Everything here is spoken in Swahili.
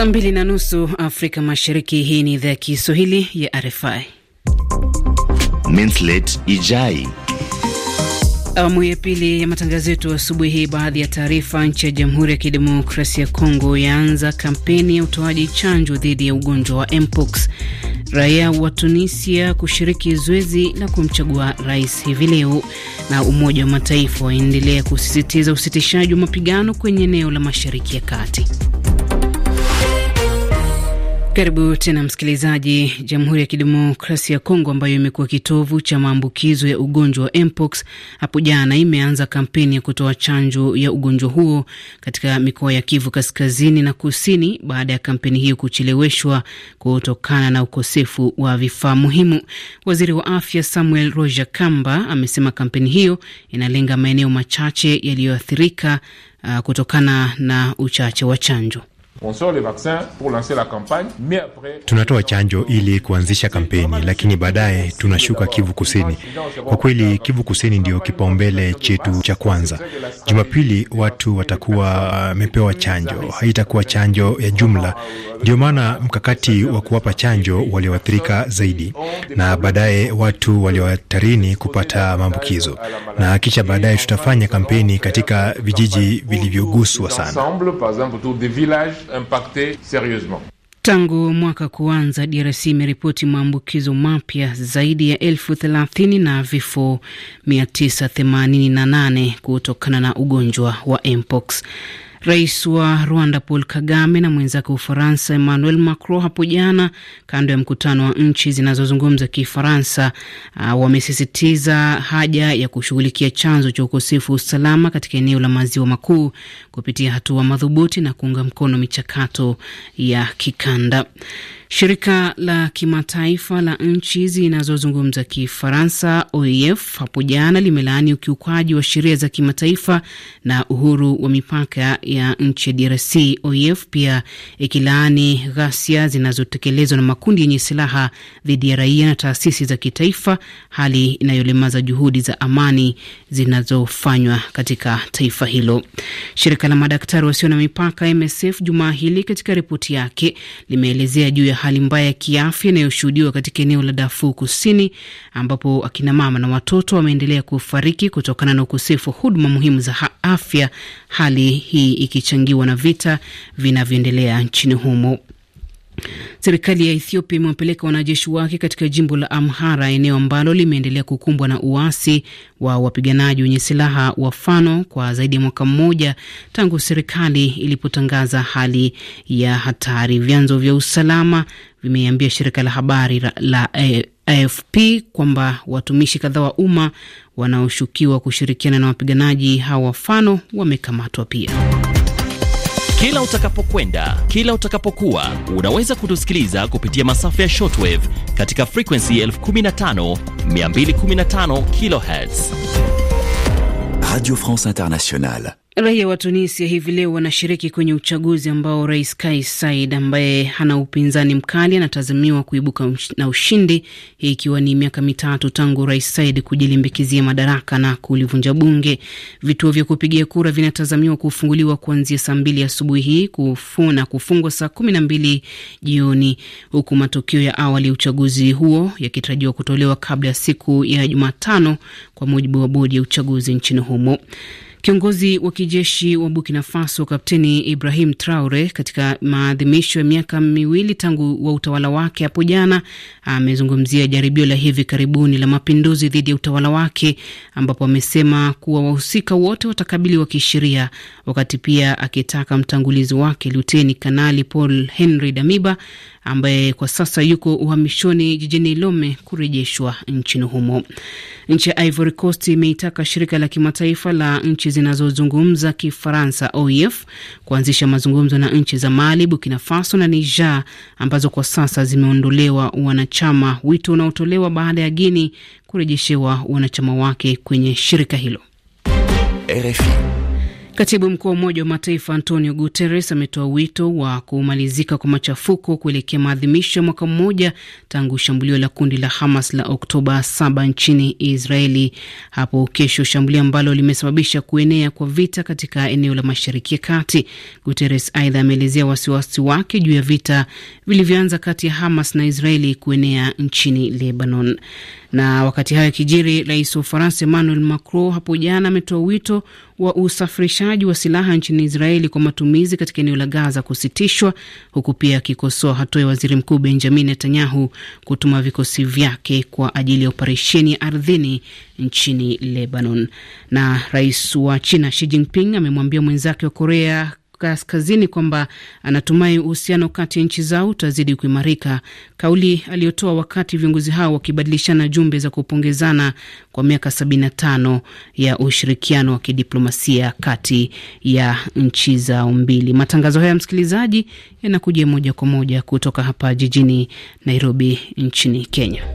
Saa mbili na nusu Afrika Mashariki. Hii ni idhaa ya Kiswahili ya RFI. Minslet Ijai, awamu ya pili ya matangazo yetu asubuhi hii. Baadhi ya taarifa: nchi ya Jamhuri ya Kidemokrasia ya Kongo yaanza kampeni ya utoaji chanjo dhidi ya ugonjwa wa mpox. Raia wa Tunisia kushiriki zoezi la kumchagua rais hivi leo, na Umoja wa Mataifa waendelea kusisitiza usitishaji wa mapigano kwenye eneo la Mashariki ya Kati. Karibu tena msikilizaji. Jamhuri ya Kidemokrasia ya Kongo, ambayo imekuwa kitovu cha maambukizo ya ugonjwa wa mpox, hapo jana imeanza kampeni ya kutoa chanjo ya ugonjwa huo katika mikoa ya Kivu Kaskazini na Kusini, baada ya kampeni hiyo kucheleweshwa kutokana na ukosefu wa vifaa muhimu. Waziri wa Afya Samuel Roger Kamba amesema kampeni hiyo inalenga maeneo machache yaliyoathirika uh, kutokana na uchache wa chanjo. Tunatoa chanjo ili kuanzisha kampeni, lakini baadaye tunashuka Kivu Kusini. Kwa kweli, Kivu Kusini ndio kipaumbele chetu cha kwanza. Jumapili watu watakuwa wamepewa uh, chanjo, haitakuwa chanjo ya jumla. Ndio maana mkakati wa kuwapa chanjo walioathirika zaidi, na baadaye watu waliohatarini kupata maambukizo, na kisha baadaye tutafanya kampeni katika vijiji vilivyoguswa sana impacté sérieusement. Tangu mwaka kuanza, DRC imeripoti maambukizo mapya zaidi ya elfu thelathini na vifo 988 kutokana na ugonjwa wa mpox. Rais wa Rwanda Paul Kagame na mwenzake wa Ufaransa Emmanuel Macron hapo jana kando ya mkutano wa nchi zinazozungumza Kifaransa uh, wamesisitiza haja ya kushughulikia chanzo cha ukosefu wa usalama katika eneo la maziwa makuu kupitia hatua madhubuti na kuunga mkono michakato ya kikanda. Shirika la kimataifa la nchi zinazozungumza Kifaransa OIF e hapo jana limelaani ukiukwaji wa sheria za kimataifa na uhuru wa mipaka ya nchi ya DRC, OIF e pia ikilaani ghasia zinazotekelezwa na makundi yenye silaha dhidi ya raia na taasisi za kitaifa, hali inayolemaza juhudi za amani zinazofanywa katika taifa hilo. Shirika la madaktari wasio na mipaka MSF jumaa hili katika ripoti yake limeelezea juu ya hali mbaya ya kiafya inayoshuhudiwa katika eneo la Darfur Kusini, ambapo akinamama na watoto wameendelea kufariki kutokana na ukosefu wa huduma muhimu za afya, hali hii ikichangiwa na vita vinavyoendelea nchini humo. Serikali ya Ethiopia imewapeleka wanajeshi wake katika jimbo la Amhara, eneo ambalo limeendelea kukumbwa na uasi wa wapiganaji wenye silaha wa Fano kwa zaidi ya mwaka mmoja tangu serikali ilipotangaza hali ya hatari. Vyanzo vya usalama vimeambia shirika la habari la eh, AFP kwamba watumishi kadhaa wa umma wanaoshukiwa kushirikiana na wapiganaji hawa wa Fano wamekamatwa pia. Kila utakapokwenda, kila utakapokuwa, unaweza kutusikiliza kupitia masafa ya shortwave katika frequency 15215 kHz. Radio France Internationale. Raia wa Tunisia hivi leo wanashiriki kwenye uchaguzi ambao rais Kais Saied ambaye hana upinzani mkali anatazamiwa kuibuka na ushindi, hii ikiwa ni miaka mitatu tangu rais Saied kujilimbikizia madaraka na kulivunja bunge. Vituo vya kupigia kura vinatazamiwa kufunguliwa kuanzia saa mbili asubuhi hii na kufungwa saa kumi na mbili jioni, huku matokeo ya awali ya uchaguzi huo yakitarajiwa kutolewa kabla ya siku ya Jumatano, kwa mujibu wa bodi ya uchaguzi nchini humo. Kiongozi wa kijeshi wa Burkina Faso Kapteni Ibrahim Traore, katika maadhimisho ya miaka miwili tangu wa utawala wake hapo jana, amezungumzia jaribio la hivi karibuni la mapinduzi dhidi ya utawala wake, ambapo amesema kuwa wahusika wote watakabiliwa kisheria, wakati pia akitaka mtangulizi wake Luteni Kanali Paul Henry Damiba ambaye kwa sasa yuko uhamishoni jijini Lome kurejeshwa nchini humo. Nchi ya Ivory Coast imeitaka shirika la kimataifa la nchi zinazozungumza Kifaransa, OIF, e kuanzisha mazungumzo na nchi za Mali, Burkina Faso na Niger ambazo kwa sasa zimeondolewa wanachama, wito unaotolewa baada ya Guinea kurejeshewa wanachama wake kwenye shirika hilo. RFI. Katibu mkuu wa Umoja wa Mataifa Antonio Guterres ametoa wito wa kumalizika kwa machafuko kuelekea maadhimisho ya mwaka mmoja tangu shambulio la kundi la Hamas la Oktoba 7 nchini Israeli hapo kesho, shambulio ambalo limesababisha kuenea kwa vita katika eneo la Mashariki ya Kati. Guterres aidha ameelezea wasiwasi wake juu ya vita vilivyoanza kati ya Hamas na Israeli kuenea nchini Lebanon. Na wakati hayo yakijiri rais wa Ufaransa Emmanuel Macron hapo jana ametoa wito wa usafirishaji wa silaha nchini Israeli kwa matumizi katika eneo la Gaza kusitishwa, huku pia akikosoa hatua ya waziri mkuu Benjamin Netanyahu kutuma vikosi vyake kwa ajili ya operesheni ya ardhini nchini Lebanon. Na rais wa China Xi Jinping amemwambia mwenzake wa Korea Kaskazini kwamba anatumai uhusiano kati ya nchi zao utazidi kuimarika, kauli aliyotoa wakati viongozi hao wakibadilishana jumbe za kupongezana kwa miaka 75 ya ushirikiano wa kidiplomasia kati ya nchi zao mbili. Matangazo haya, msikilizaji, yanakuja moja kwa moja kutoka hapa jijini Nairobi nchini Kenya.